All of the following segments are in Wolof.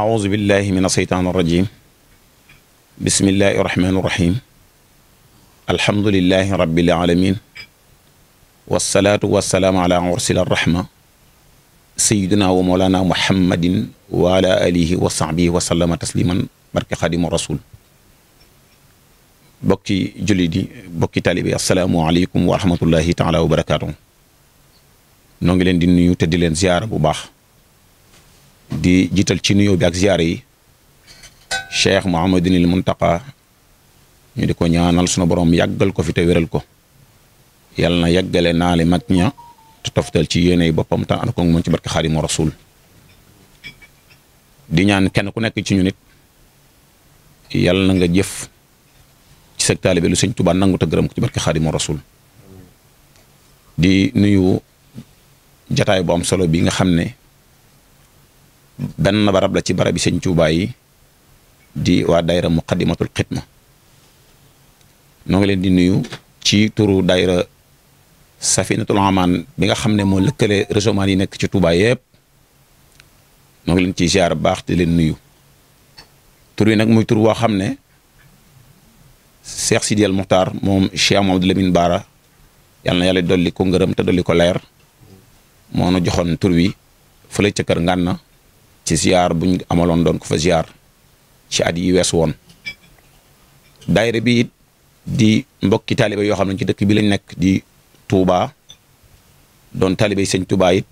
auzu billahi min asheytaan irrajim bismillahi irrahmani irrahim alhamdulilahi rabbil alamin wasalaatu wasalaamu ala ursil arrahma sayiduna wa moolana muhammadin wa ala alihi wa sahbihi wa sallama tasliman barke xadimu rasul bokki julli di bokki taalibi asalaamu aleykum wa rahmatullahi taala wa barakaatu noo ngi leen di nuyu te di leen ziyaara bu baax di jiital ci nuyoo bi ak ziyaar yi cheikh Mouhamadinil Muntaqa ñu di ko ñaanal sunu borom yàggal ko fi te wéral ko yàlla na yàggale naa mag ña te toftal ci yéeney boppam tan ànd ko moom ci barke Xaadimu rasul di ñaan kenn ku nekk ci ñu nit yàlla na nga jëf ci sag taalibe lu sëñ gërëm ko ci barke Xaadimu Rasuul di nuyu jataay bu am solo bi nga xam ne. benn barab la ci barab yi sëñ Tuubaa yi di waa dayra muqaddimatul xidma noo ngi leen di nuyu ci turu dayra safinatul amaan bi nga xam ne moo lëkkale réseau man yi nekk ci Tuubaa yëpp noo ngi leen ci ziar baax te leen nuyu tur yi nag muy tur woo xam ne Cheikh Sidi El Muxtaar moom Cheikh Mamadou Lamine Baara yàlla na yàlla dolli ko ngërëm te dolli ko leer moo nu joxoon tur wi fële ca kër na ci ziar buñ amaloon doon ko fa ziar ci at yi woon daayira bi it di mbokki taalibe yoo xam ne ci dëkk bi lañ nekk di Touba doon taalibe sëñ Touba it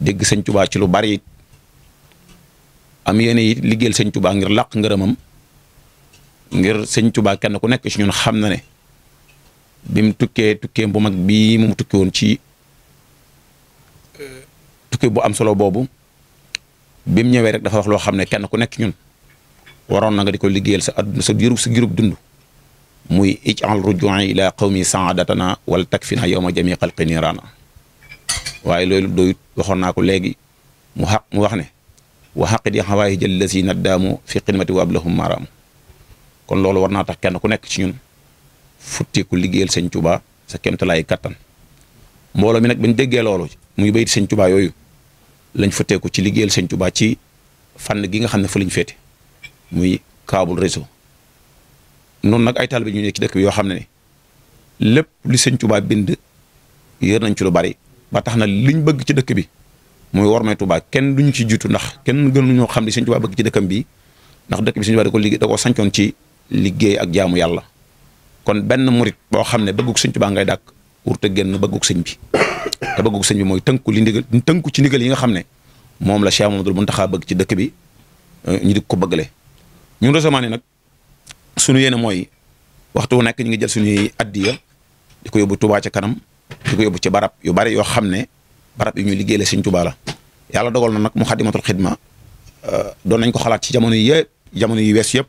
dégg sëñ Touba ci lu bari it am yéene it liggéeyal sëñ Touba ngir làq ngërëmam ngir sëñ Touba kenn ku nekk ci ñun xam na ne bim tukkee tukkee bu mag bii mu tukki woon ci tukki bu am solo boobu. bi mu ñëwee rek dafa wax loo xam ne kenn ku nekk ñun waroon na nga di ko liggéeyal sa adduna sa jurub sa jurub dund muy ij'al ruju'i ila qawmi sa'adatana wal takfina yawma jami xalqi niiraana waaye loolu doyut waxoon naa ko léegi mu xaq mu wax ne wa xaqit ya xawaayi jël la si naddaamu fi xidmati wa ablahum maaraamu kon loolu war naa tax kenn ku nekk ci ñun futteeku liggéeyal sëñ Tuubaa sa kéemtalaay kattan mboolo mi nag bañ déggee loolu muy bayit sëñ Tuubaa yooyu lañ fa teeku ci liggéeyal sëñ Tuubaa ci fànn gi nga xam ne fa lañ féete muy kaabul réseau noonu nag ay taalibe ñu nekk ci dëkk bi yoo xam ne lépp li sëñ Tuubaa bind yër nañ ci lu bari ba tax na liñ bëgg ci dëkk bi muy wormay Tuubaa kenn duñ ci jiitu ndax kenn gënu ñoo xam ne sëñ Tuubaa bëgg ci dëkkam bi ndax dëkk bi sëñ Tuubaa ko liggéey da ko ci liggéey ak jaamu yàlla kon benn murit boo xam ne bëggug sëñ Tuubaa ngay dàkk wurte génn bëggug sëñ bi te bëggu sëñ mooy tënku li ndigal tënku ci ndigal yi nga xam ne moom la Cheikh Mamadou Muntaxa bëgg ci dëkk bi euh, ñu di ko bëggale ñun Rosamane yi nag suñu yéene mooy waxtu wu nekk ñu ngi jël suñuy addiya di ko yóbbu Touba ca kanam di ko yóbbu ci barab yu bari yoo xam ne barab yu ñuy liggéeyal sëñ Touba la yàlla dogal na nag Muxaddamatul Xidma euh, doon nañ ko xalaat ci jamono yi yëpp jamono yi wees yëpp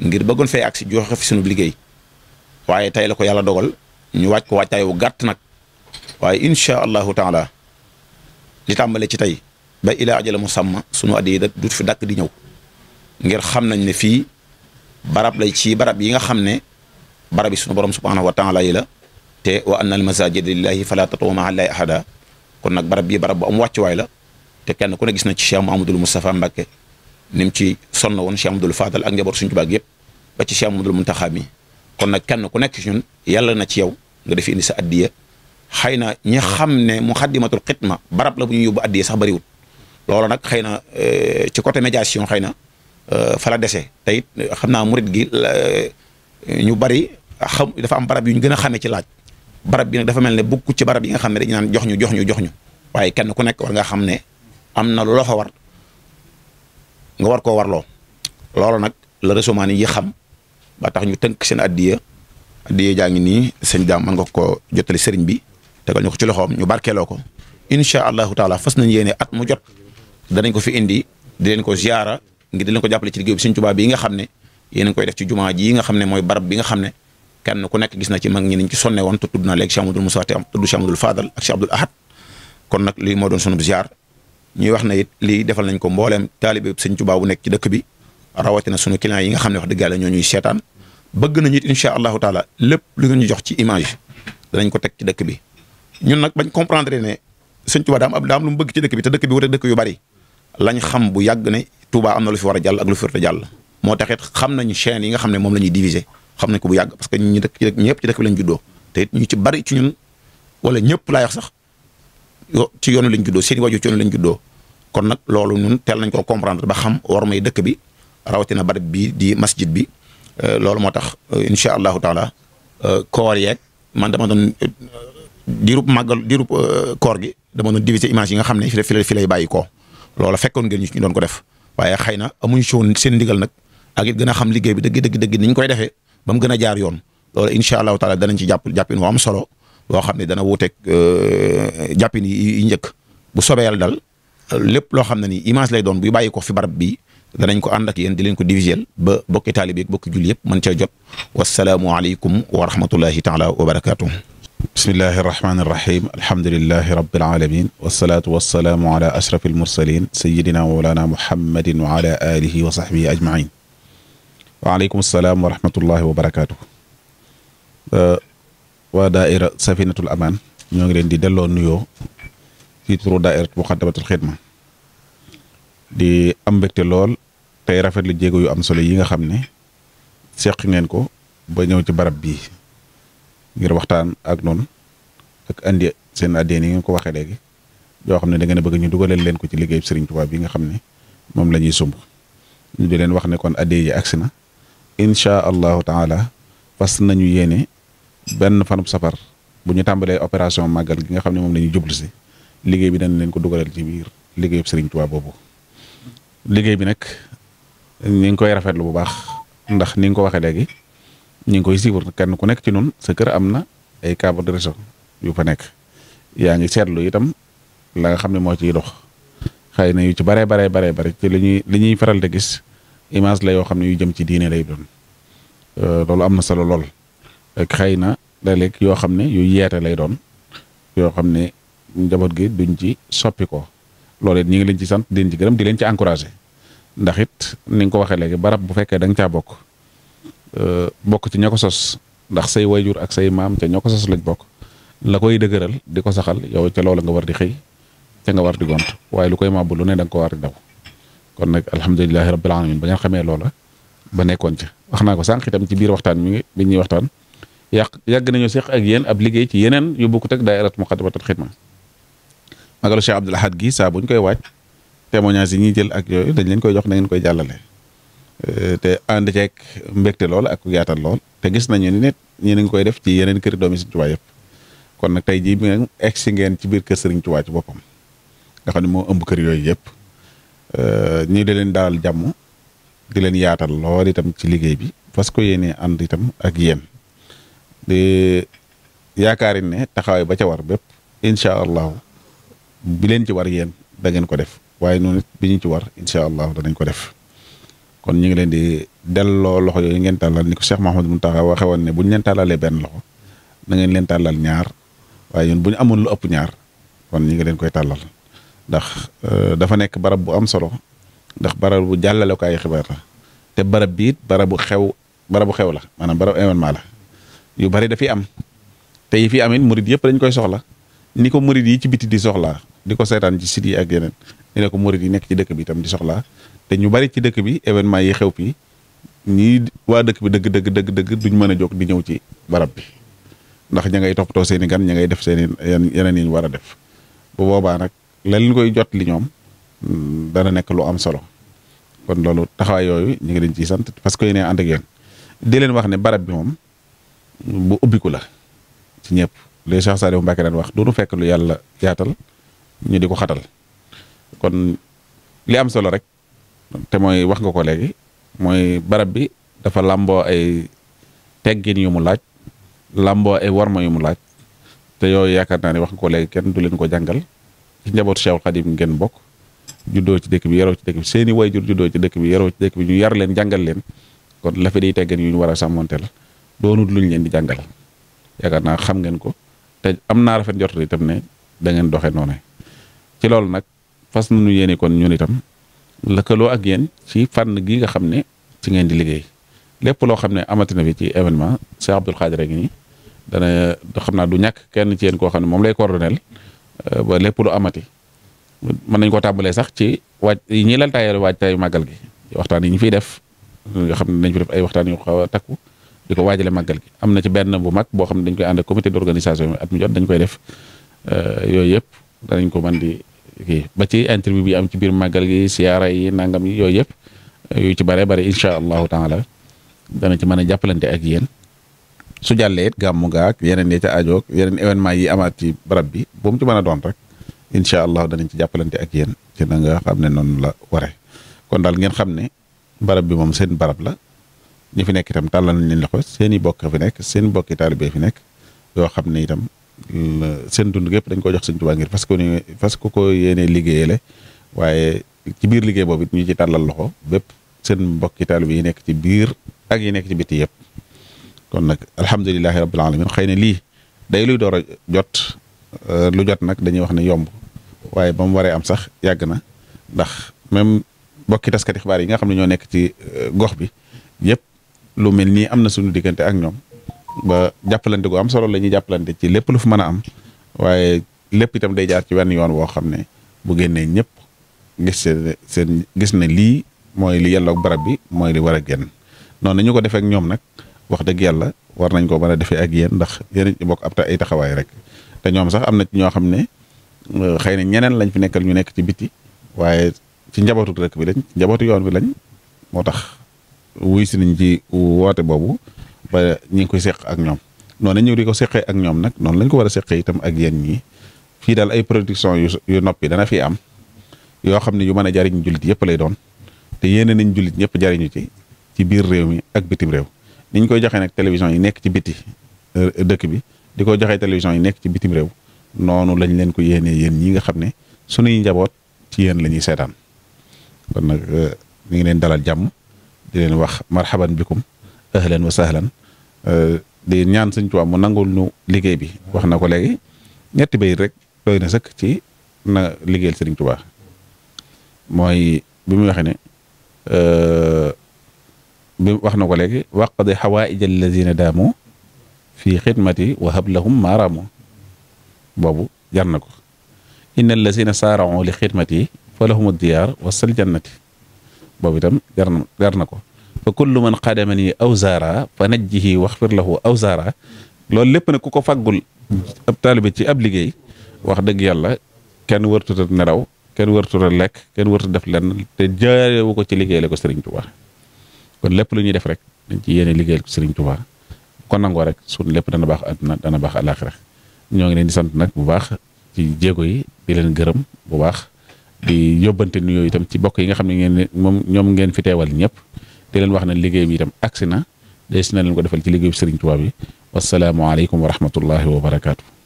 ngir bëggoon fee ak si joxe fi suñu liggéey waaye tey la ko yàlla dogal ñu waaj ko waajtaay wu gàtt nag waaye incha allahu taala li tàmbale ci tey ba ilaa ajala musamma sunu addiya da dut fi dakk di ñëw ngir xam nañ ne fii barab lay ci barab yi nga xam ne barab yi sunu borom subhanahu wa taala yi la te wa anna al masajid lillahi fala tad'u ma'a allahi kon nag barab yi barab bu am waay la te kenn ku ne gis na ci Cheikh Mouhamadoul Moustapha Mbacké ni mu ci sonn woon Cheikh Mouhamadoul Fadal ak njaboot suñu tubaab yëpp ba ci Cheikh Mouhamadoul Mountakha mi kon nag kenn ku nekk ci ñun yàlla na ci yow nga defindi indi sa addiya xëy na ñi ah. xam ne mu xaddimatul xitma barab la bu ñu yóbbu addiyee sax bariwul loolu nag xëy na euh, ci côté médiation xëy na euh, fa la dese te euh, xam naa murit gi ñu bari xam dafa am barab yu ñu gën a xamee ci laaj barab bi nag dafa mel ne bukku ci barab yi nga xam ne dañu naan jox ñu jox ñu jox ñu waaye kenn ku nekk war nga xam ne am na lu la fa war nga war koo warloo loolu nag la resomaan yi xam ba tax ñu tënk seen addiya addiya jaa ngi nii sëñ daam mën nga ko jottali sëriñ bi tegal ñu ko ci loxoom ñu barkeeloo ko incha allahu taala fas nañ yéene at mu jot danañ ko fi indi di leen ko ziara ngir di leen ko jàppale ci liggéey bi Sëñ Tuubaa bi nga xam ne yéen a koy def ci jumaa ji yi nga xam ne mooy barab bi nga xam ne kenn ku nekk gis na ci mag ñi niñ ci sonne woon te tudd na léegi Cheikh Amadou Moussa te tudd Cheikh Amadou Fadal nag lii moo doon sunu ziar ñuy wax na it lii defal nañ ko mbooleem taalibe Sëñ Tuubaa bu nekk ci dëkk bi rawatina sunu client yi nga xam ne wax dëgg yàlla ñoo ñuy seetaan bëgg nañu it incha allahu taala lépp lu ngeen ñu jox ci image danañ ko teg ci dëkk bi ñun nag bañ comprendre ne sëñ Tuubaa daam ab daam lu mu bëgg ci dëkk bi te dëkk bi wute dëkk yu bari lañ xam bu yàgg ne Touba am na lu fi war a jàll ak lu fi war a jàll moo tax it xam nañu chaîne yi nga xam ne moom la ñuy diviser xam nañ ko bu yàgg parce que ñu dëkk ñëpp ci dëkk bi lañ juddoo te ñu ci ci ñun wala ñëpp laay wax sax ci yoonu lañ juddoo seen waajur kon nag loolu ñun teel nañ koo comprendre ba xam war may dëkk bi rawatina barab bi di masjid bi euh, loolu moo tax euh, incha allahu taala euh, koor yeeg man dama doon diirub màggal diirub euh, koor gi dama doon diviser image yi nga xam ne fi la fi lay bàyyi koo loola fekkoon geen ñu ñu doon ko def waaye xëy na amuñ si woon seen ndigal nag ak it gën a xam liggéey bi dëgg dëgg dëgg niñ koy defee ba mu gën a jaar yoon loolu incha allahu taala danañ ci jàpp jàppin wu am solo loo xam ne dana wuuteeg euh, jàppin yi njëkk bu soobee yàlla dal lépp loo xam ne ni image lay doon buy bàyyi ko fi barab bi danañ ko ànd ak yéen di leen ko diviser ba bokki taalibe ak bokki jul yëpp mën cee jot wasalaamualeykum wa rahmatullahi taala wa barakaatu. bismillahi irrahmani irrahim alhamdulilahi rabilalamin walsalaatu walsalaamu ala ashraf almursalin sayidina moolana mohammadin wa ala alihi wa saxbihi ajmain waaleykum assalaam wa rahmatullahi wa barakatuh uh, waa daaira safinatul aman ñoo ngi leen di delloo nuyoo ci turu daairatu muqaddamatul xidma di am mbégte lool tey rafetlu jéego yu am solo yi nga xam ne seq ngeen ko ba ñëw ci barab bii ngir waxtaan ak noonu ak andi seen addee ni ngeen ko waxee léegi yoo xam ne da ngeen a bëgg ñu dugaleel leen ko ci liggéey Serigne Touba bi nga xam ne moom la ñuy sumb di leen wax ne kon addee yi agsi na incha allahu taala fas nañu yéene benn fanub safar bu ñu tàmbalee opération màggal gi nga xam ne moom la jublu si liggéey bi dañ leen ko dugaleel ci biir liggéeyub Serigne Touba boobu liggéey bi nag ñu ngi koy rafetlu bu baax ndax ni nga ko waxee léegi. ñu ngi koy siiwar kenn ku nekk ci nun sa kër am na ay câble de réseau yu fa nekk yaa ngi seetlu itam la nga xam ne moo ciy dox xëy na yu ci baree baree baree bare ci li ñuy li ñuy faral di gis image la yoo xam ne yu jëm ci diine lay doon euh, loolu am na solo lool ak xëy na lekk yoo xam ne yu yeete lay doon yoo xam ne njaboot gi duñ ci soppi ko loolu it ñu ngi leen ci sant di ci gërëm di leen ci encouragé ndax it ni nga ko waxee léegi barab bu fekkee da nga caa bokk. Euh, bokk ci ña ko sos ndax say wayjur ak say maam ca ña ko sos lañ bokk la koy dëgëral di ko saxal yow ca loola nga war di xëy ca nga war di waaye lu koy ma lu ne da ko war di daw kon nag alhamdulilahi rabbil alamin ba nga xamee loola ba nekkon ca wax naa ko sànq itam ci biir waxtaan mi bi ñuy waxtaan yàq yàgg nañu seq ak yéen ab liggéey ci yeneen yu bokkut ak daayirat muqaddamatul xidma magalu Cheikh Abdoul Ahad gi saa buñ koy waaj témoignage yi ñuy jël ak yooyu dañ leen koy jox na ngeen koy jàllale Euh, te ànd ceeg mbégte lool ak yaatal lool te gis nañu ni nit ñi ngi koy def ci yeneen kër doomi Sëriñ Tuubaa yëpp kon nag tey jii bi ngeen egsi ngeen ci biir kër Sëriñ Tuubaa ci boppam nga xam ne moo ëmb kër yooyu yëpp euh, ñu di leen daal jàmm di leen yaatal lool itam ci liggéey bi parce que yéene ànd itam ak yéen di yaakaar ne taxawaay ba ca war bépp incha allahu bi leen ci war yéen da ngeen ko def waaye noonu it bi ñu ci war incha allahu danañ ko def. kon ñu ngi leen di delloo loxo yooyu ngeen tàllal ni ko Cheikh Mouhamadou Mountakha waxe woon ne bu ñu leen tàllalee loxo na ngeen leen tàllal ñaar waaye ñun bu ñu amoon lu ëpp ñaar kon ñu ngi leen koy tàllal ndax euh, dafa nekk barab bu am solo ndax barab bu jàllale ko ay xibaar te barab biit it barabu xew barabu xew la maanaam barabu événement la yu bari dafiy am te yi fi am it yëpp dañ koy soxla ni ko murid yi ci biti di soxlaa di ko seetaan ci site yi ak yeneen ni ko murid yi nekk ci dëkk bi itam di soxlaa te ñu bari ci dëkk bi événement yi xew fii ñii waa dëkk bi dëgg dëgg dëgg dëgg duñ mën a jóg di ñëw ci barab bi ndax ña ngay toppatoo seen i gan ña ngay def seen i yeneen yi nu war a def bu boobaa nag lan ñu koy jot li ñoom mm, dana nekk lu am solo kon loolu taxawaay yooyu ñu ngi leen ciy sant parce que yéen ànd ak yéen di leen wax ne barab bi moom bu ubbiku la ci ñëpp les Cheikh Saliou Mbacké leen wax doonu fekk lu yàlla yaatal ñu di ko xatal kon li am solo rek te mooy wax nga ko léegi mooy barab bi dafa làmboo ay teggin yu mu laaj làmboo ay warma yu mu laaj te yooyu yaakaar naa ne wax nga ko léegi kenn du leen ko jàngal ci njabootu Cheikh Khadim ngeen bokk juddoo ci dëkk bi yaroo ci dëkk bi seeni wayjur juddoo ci dëkk bi yaroo ci dëkk yar leen jàngal leen kon la fi day teggin yu ñu war a sàmmonte la doonut luñ leen di jàngal yaakaar xam ngeen ko te am naa rafet njort itam ne da doxe doxee ci loolu nag fas nañu yéene kon ñun itam lëkkaloo ak yéen ci fànn gi nga xam ne ci ngeen di liggéey lépp loo xam ne amati na bi ci événement Cheikh Abdoul Khadir gi nii dana xam naa du ñàkk kenn ci yéen koo xam ne moom lay coordonner euh, ba lépp lu amati mën nañ ko tàmbalee sax ci waaj yi ñuy lal taayal waaj taayu màggal gi waxtaan yi ñu fiy def nga xam ne dañ fi def ay waxtaan yu xaw a takku di ko waajale màggal gi am na ci benn bu mag boo xam ne dañ koy ànd ak comité d'organisation bi at mu jot dañ koy def euh, yooyu yëpp danañ ko man di kii ba ci interview bi am ci biir màggal gi siyaara yi nangam yi yooyu yëpp yu ci bare bare incha allahu taala dana ci mën a jàppalante ak yéen su jàllee it gàmmu gaak yeneen yi ca aajoog yeneen événement yi amaat ci barab bi bu ci mën doon rek incha allah danañ ci jàppalante ak yéen ci na xam ne noonu la ware kon daal ngeen xam ne barab bi moom seen barab la ñu fi nekk itam tàllal nañ leen loxo seen i bokk fi nekk seen bokki taalibe fi nekk yoo xam ne itam Mm, seen dund gépp dañ ko jox sëñ Tuubaa ngir parce que ni parce que ko yéenee liggéeyale waaye ci biir liggéey boobu ñu ci tàllal loxo bépp seen mbokki bi yi nekk ci biir ak yi nekk ci biti yëpp kon nag alhamdulilahi rabbil alamin xëy na lii day luy door a jot euh, lu jot nag dañuy wax ne yomb waaye ba mu waree am sax yàgg na ndax même mbokki taskati xibaar yi nga xam ne ñoo nekk ci euh, gox bi yëpp lu mel nii am na suñu diggante ak ñoom ba jàppalante ko am solo la ñuy jàppalante ci lépp lu fi mën a am waaye lépp itam day jaar ci wenn yoon woo xam ne bu génnee ñëpp gis seen seen gis ne lii mooy li yelloog barab bi mooy li war a génn noonu ñu ko defee ñoom nag wax dëgg yàlla war nañ ko mën a defee ak yéen ndax yéen ci bokk ab ta ay taxawaay rek te ñoom sax am na ci ñoo xam ne euh, xëy na ñeneen lañ fi nekkal ñu nekk ci biti waaye ci njabootu rek bi lañ njabootu yoon bi lañ moo tax wuy si nañ ci woote boobu ba ñi ngi koy seq ak ñoom noonu ñëw di ko seqee ak ñoom nag noonu lañ ko war a seqee itam ak yéen ñi fii daal ay production yu yu noppi dana fi am yoo xam ne yu mën a jariñ jullit yëpp lay doon te yéene nañ jullit ñëpp jariñu ci ci biir réew mi ak bitim réew ni koy joxee nag télévision yi nekk ci biti euh, dëkk bi di ko joxe télévision yi nekk ci bitim réew noonu lañ leen ko yéenee yéen ñi nga xam ne sunuy njaboot ci yéen la ñuy seetaan kon nag euh, ñu ngi leen dalal jàmm di leen wax marhaban bikum ahlan wa sahlan euh, di ñaan sëñ Tuubaa mu nangul ñu liggéey bi wax na ko léegi ñetti bay rek doy na sëkk ci na liggéeyal sëriñ Tuubaa mooy bi muy waxee ne euh, bi wax na ko léegi waqdi xawaaij allazina daamu fi xidmati wa hab lahum maaraamu boobu jar na ko inna allazina saarao li xidmati fa lahum diyaar wasal jannati boobu itam jar na ko fa kullu man xadamani aw zaara fa najjihi waxfir lahu aw saara loolu lépp nag ku ko faggul ab taalibe ci ab liggéey wax dëgg yàlla kenn wërtuta nelaw kenn wërtuta lekk kenn wartu def lenn te jaarewu ko ci liggéey la ko Serigne Touba kon lépp lu ñuy def rek dañ ci yéene liggéey ko Serigne kon nangoo rek suñ lépp dana baax àdduna dana baax àllaaxira ñoo ngi leen di sant nag bu baax ci jéego yi di leen gërëm bu baax di yóbbante nuyoo itam ci bokk yi nga xam ne ngeen moom ñoom ngeen teewal ñëpp. di leen wax ne liggéey bi itam agsi na des na leen ko defal ci liggéey bi Sëriñ Tuubaa bi wasalaamualeykum wa rahmatullahi wa barakaatu.